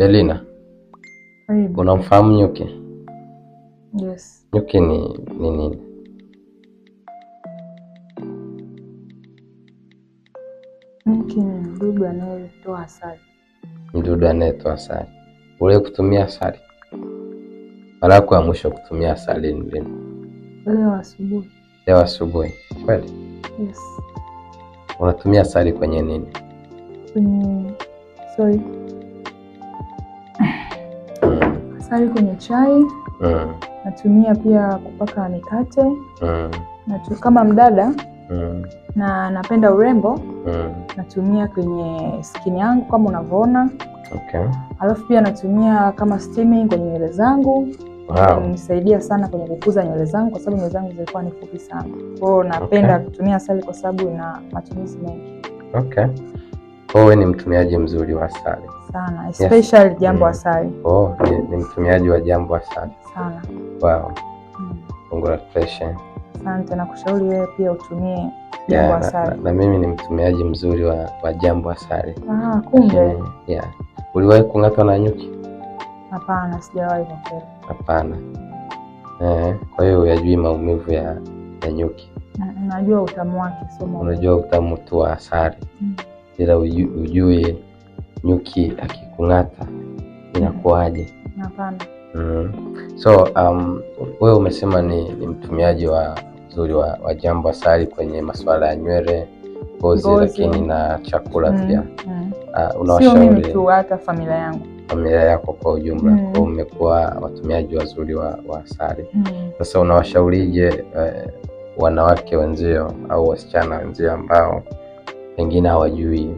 Delina, unamfahamu nyuki? Yes. Nyuki ni ni nini? Nyuki ni mdudu anayetoa asali. Mdudu anayetoa asali. Ule kutumia asali? Mara yako ya mwisho kutumia asali ni lini? Leo asubuhi. Leo asubuhi. Kweli? Yes. Unatumia asali kwenye nini? Kwenye soy asali kwenye chai mm. natumia pia kupaka mikate mm. natu, kama mdada mm. na napenda urembo mm. natumia kwenye skin yangu kama unavyoona okay. Alafu pia natumia kama steaming kwenye nywele zangu wow. Nisaidia sana kwenye kukuza nywele zangu kwa sababu nywele zangu zilikuwa ni fupi sana, kwao napenda okay. kutumia asali kwa sababu ina matumizi mengi okay. Kwa hiyo ni mtumiaji mzuri wa asali sana especially yes. Jambo mm. Asali oh, ni, ni mtumiaji wa Jambo Asali sana. Wow. Mm. Congratulations. Asante na kushauri wewe pia utumie Jambo Asali. Na, na, na mimi ni mtumiaji mzuri wa, wa Jambo Asali. Ah, kumbe. Mm, Yeah. Uliwahi kung'atwa na nyuki? Hapana, sijawahi kwa kweli. Hapana. Eh, kwa hiyo uyajui maumivu ya, ya nyuki? Najua utamu wake, sio Unajua utamu tu wa asali mm. ila mm. ujui nyuki akikung'ata inakuwaje? Hapana. Mm. So um, wewe umesema ni, ni mtumiaji wa mzuri wa, wa jambo asali kwenye masuala ya nywele, ngozi, lakini na chakula mm, pia. Mm. Uh, unawashauri tu hata familia yangu familia yako kwa ujumla mm. Kwa umekuwa watumiaji wazuri wa, wa asali mm. sasa mm. Unawashaurije eh, wanawake wenzio au wasichana wenzio ambao pengine hawajui